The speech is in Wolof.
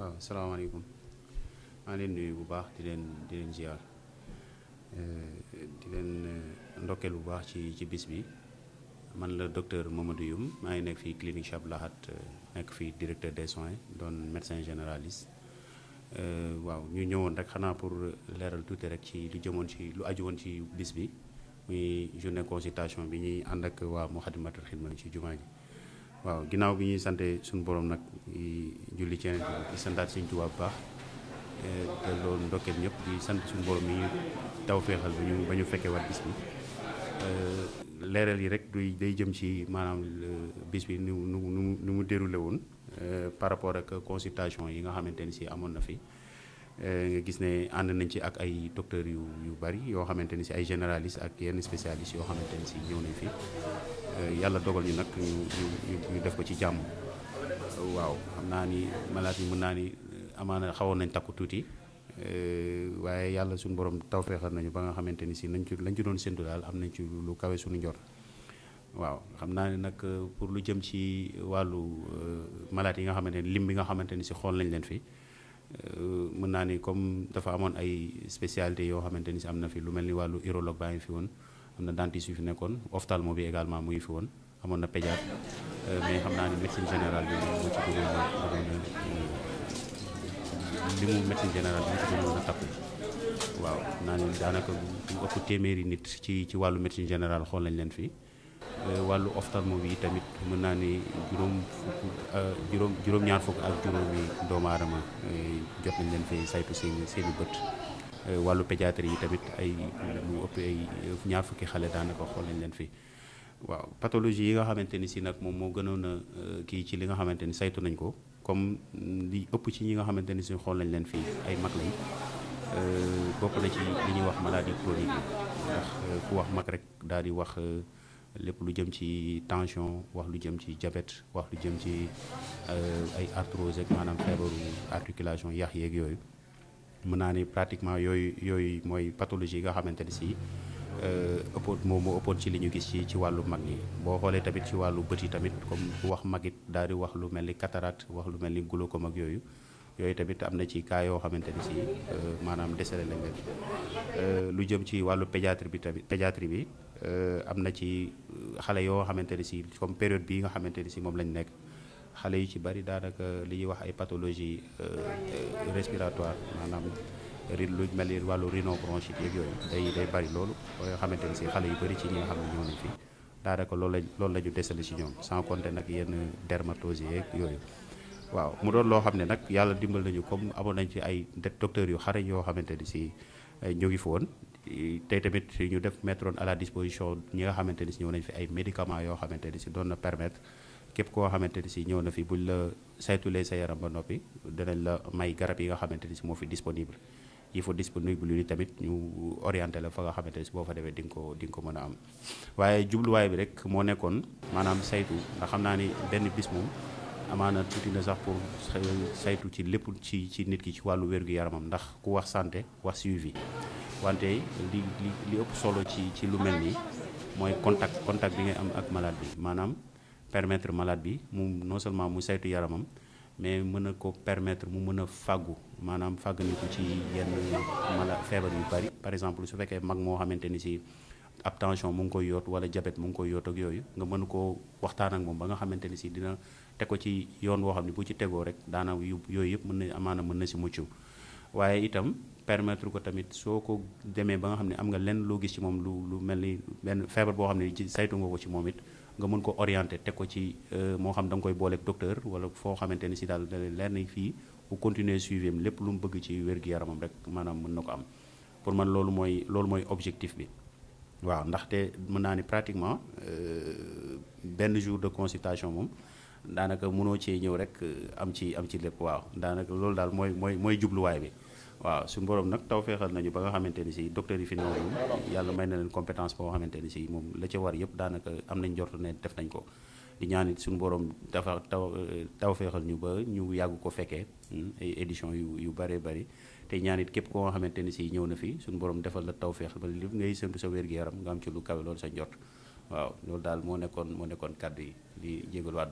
waaw salaamaaleykum maa leen nuyu bu baax di leen di leen ziar eh, di leen eh, ndokkeel bu baax ci ci bis bi man la docteur Mamadou Youm maa ngi nekk fii clinique Cheikh Abdou Lahad eh, nekk fii directeur des soins doon médecin généraliste waaw ñu ñëwoon rek xanaa pour leeral tuuti rek ci lu jëmoon ci lu aju woon ci bis bi muy journée consultation bi ñuy ànd ak waa Moukhaddamatoul Khidma ci jumaa ji waaw ginnaaw bi ñuy sante suñu borom nag julli ci yeneen di santaat Sëriñ Tuubaa bu baax te eh, loolu ndokkeel ñëpp di sant suñu borom mi ñu taw féexal ñu ba ñu fekkee waat bis bi eh, leeral yi rek du day jëm ci maanaam eh, bis bi nu nu nu mu déroulé woon par rapport ak consultation yi nga xamante ni si amoon na fi Euh, nga gis ne ànd nañ ci ak ay docteurs yu yu bari yoo xamante ni si ay généralistes ak yenn spécialistes yoo xamante ni si ñëw nañ fi euh, yàlla dogal ñu nag ñu ñu def ko ci jàmm. waaw xam naa ni malaat yi mën naa ni euh, amaana xawoon nañ takku tuuti waaye yàlla suñu borom tawféexal nañu ba nga xamante ni si nañ lañ ci doon séntu daal am nañ ci lu kawe suñu njort. waaw xam naa ne nag pour lu jëm ci wàllu malade yi nga xamante ni lim bi nga xamante ni si xool nañ leen fii Euh, mën naa ni comme dafa amoon ay spécialité yoo xamante ni si am na fi lu mel ni wàllu urologue baa ngi fi woon am na dentiste yu fi nekkoon ophtalmo bi également mu ngi fi woon amoon na pédiatre euh, mais xam naa ni médecine général bi moom moo ci li mu médecine générale bi moo waaw naa ni daanaka bu ëpp téeméeri nit ci ci wàllu médecine générale xool nañ leen fii Euh, wàllu moom bi tamit mën naa ne juróom euh, juróom juróom-ñaar fukk ak juróomi doomu aadama euh, jot nañ leen fay saytu seen seeni bët wàllu pédiatrie yi tamit ay mu ëpp ñaar fukki xale daanaka xool nañ leen fii waaw pathologie yi nga xamante ni si nag moom moo gënoon a kii ci li nga xamante ni saytu nañ ko comme li ëpp ci ñi nga xamante ni si xool nañ leen fii ay mag lañ bokk na ci li ñuy wax maladie chronique ndax ku wax mag rek daal di wax. lépp lu jëm ci tension wax lu jëm ci jabet wax lu jëm ci euh, ay arthrose ak maanaam feebaru articulation yax yeeg yooyu mën naa ni pratiquement yooyu yooyu mooy pathologie yi nga xamante ne si euh, ëppoon moom moo ci li ñu gis ci ci wàllu mag yi boo xoolee tamit ci wàllu bët yi tamit comme wax magit daal di wax lu mel ni cataracte wax lu mel ni gula ko mag yooyu yooyu tamit am na ci cas yoo xamante ne si euh, maanaam desere la lu jëm ci wàllu pédiatrie bi tamit pédiatrie bi am na ci xale yoo xamante ni si comme période bii nga xamante ne si moom lañ nekk xale yu ci bari daanaka li ñuy wax ay pathologie euh, euh, respiratoire maanaam lu mel ni wàllu rhinobronchite yeeg yooyu day day bari loolu nga xamante ne si xale yu bari ci ñi nga xam ne ñoo nañ fi daanaka loolu lañ loolu la ñu desale si ñoom sans compter nag yenn dermatose yeeg yooyu waaw mu doon loo xam ne nag yàlla dimbal nañu comme amoon nañ ci ay docteurs yu xarañ yoo xamante ni si ñu ngi fi woon tey tamit ñu def mettre à la disposition ñi xamante ni si ñëw nañ fi ay médicaments yoo xamante ni si doon na permettre képp koo xamante ni si ñëw na fi buñ la saytulee sa yaram ba noppi danañ la may garab yi nga xamante ni si moo fi disponible yi fa disponible yi tamit ñu orienté la fa nga xamante ni si boo fa demee di ko di ko mën a am waaye jubluwaay bi rek moo nekkoon maanaam saytu nga xam naa ni benn bis moom amaana tuuti na sax pour saytu ci lépp ci ci nit ki ci wàllu wér-gu-yaramam ndax ku wax santé wax suivi wante li li ëpp solo ci ci lu mel nii mooy contact contact bi ngay am ak malade bi maanaam permettre malade bi mu non seulement mu saytu yaramam mais mën na ko permettre mu mën a fàggu maanaam fàgganiku ci yenn mala feebar yu bari par exemple su fekkee mag moo xamante ni si ab tension mu ngi koy yoot wala diabète mu ngi koy yoot ak yooyu nga mën koo waxtaan ak moom ba nga xamante ni si dina teg ko ci yoon woo xam ne bu ci tegoo rek daana yóbbu yooyu yëpp mën na amaana mën na si mucc waaye itam permettre ko tamit soo ko demee ba nga xam ne am nga lenn loo gis ci moom lu lu mel ni benn feebar boo xam ne ci saytu nga ko ci moom it nga mën ko orienté teg ko ci euh, moo xam danga koy booleeg docteur wala foo xamante ni si daal da leer na fii bu continuer suivi lépp lu mu bëgg ci wér-gu-yaramam rek maanaam mën na ko am pour man loolu mooy loolu mooy objectif bi waaw ndaxte mën naa ni pratiquement euh, benn jour de consultation moom daanaka mënoo cee ñëw rek euh, am ci am ci lépp daanaka loolu daal mooy mooy mooy jubluwaay bi waaw suñu borom nag taw feexal nañu ba nga xamante ni si docteur yi fi newoon yàlla may na leen compétence boo xamante ni si moom la ca war yëpp daanaka am nañ njort ne def nañ ko di ñaan suñ boroom borom dafa taw taw feexal ñu ba ñu yàgg ko fekkee hmm, ay édition yu yu bëree bëri te ñaan képp koo xamante ni si ñëw na fi suñu borom defal la taw feexal ba li ngay séntu sa wér-gu-yaram nga am ci lu kawe loolu sa njort waaw loolu daal moo nekkoon moo nekkoon kàddu yi di jégaluwaat